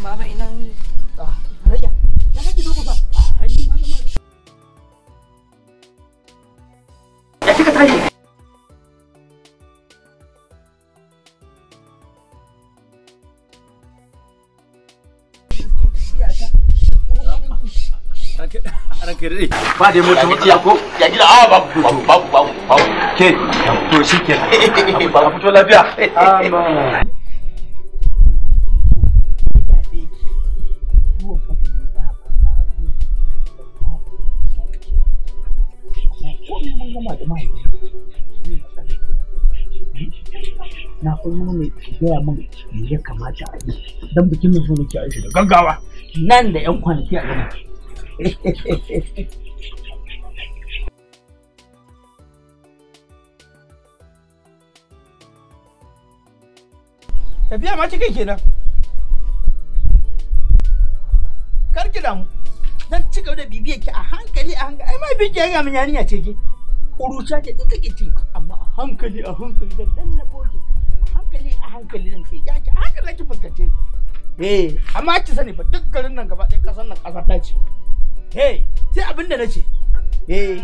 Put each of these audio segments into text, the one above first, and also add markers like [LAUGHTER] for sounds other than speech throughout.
Mama inang ni. Ah, raya. Jangan tidur kau. Ah, ini mama mama. Ya, eh, cakap tadi. Ada motor mati aku. Ya gila ah bau bau bau bau. Okey. Aku sikit. Bau betul lah dia. Amang. mun gama da mahaifina hmm? na kuma ya kamata a yi don bikin mai muke a da gaggawa nan da yan kwanaki a gama tafiya [LAUGHS] ma kike kenan kar ki damu zan ci gaba da bibiyar a hankali a hankali ƙuruciya ce ta take ci amma a hankali a hankali zan lallabo ki a hankali a hankali nan ke ya ki a hankali ki fuskace ni eh amma ki sani ba duk garin nan gaba ɗaya ƙasar nan ƙasa ta ce eh sai abin da na ce eh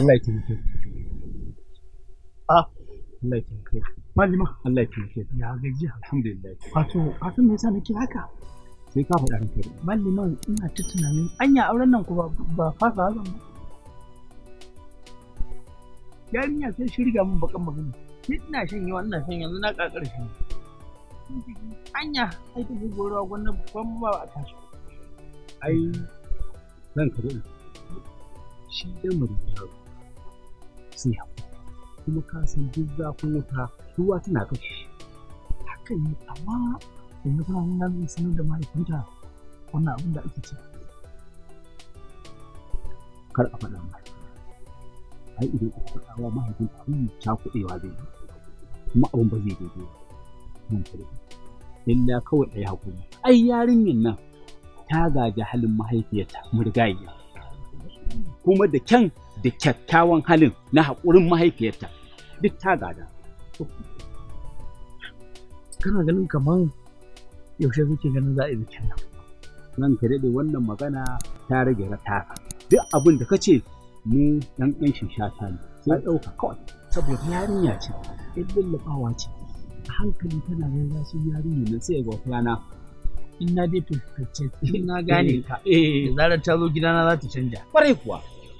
Allah ya taimake ah Allah ya taimake malima Allah ya taimake ya gaji alhamdulillah wato kafin me yasa na kira ka sai ka faɗa ranka malima ina ta tunanin anya auren nan ku ba ba fasa zan ba yarinya sai shirga min bakan magana Ni ina shan yawa ina shan yanzu na kakar shi anya ai ta gugu ruwa ban ba a tashi ai zan karɓi shi da mutum sai haƙuri kuma ka san duk zafin wuta ruwa tana kashe shi hakan ne amma ya kana nan zai sanar da mahaifinta wannan abin da ake ciki kar a faɗa mahaifinta ai idan aka faɗa wa mahaifinta abin cakuɗewa zai yi kuma abin ba zai daidai ba mun kare illa kawai ɗaya hakuri ai yarinyar nan ta gaji halin mahaifiyarta murgayiya kuma da kyan da kyakkyawan halin na haƙurin mahaifiyarta duk ta gada. Kana ganin kamar yaushe kake ganin za a yi bikin nan? Nan ka daɗe wannan magana ta rage rata. Duk abin da ka ce mu ɗan ɗan shata ne sai ɗauka kawai saboda yarinya ce ɗan lullubawa ce a hankali tana ganin za su yarinya nan sai ya gwafi rana Ina na dai fuskance ina gane ka eh, eh. zarar ta zo gidana za ta canja kwarai kuwa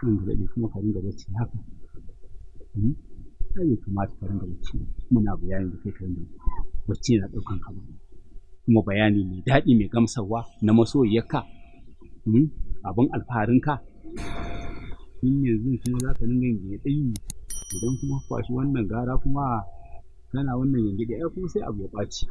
kan gargaɗi kuma ka ringa bacci haka hmm? kamata ka ringa bacci muna bayani da kai ka ringa bacci ɗaukan ka kuma bayani mai daɗi mai gamsarwa na masoyiyarka hmm? abin alfaharinka in yanzu kuma za ka ringa yin ɗayi idan kuma kwashi wannan gara kuma kana wannan yanke da kuma sai abu ya ɓaci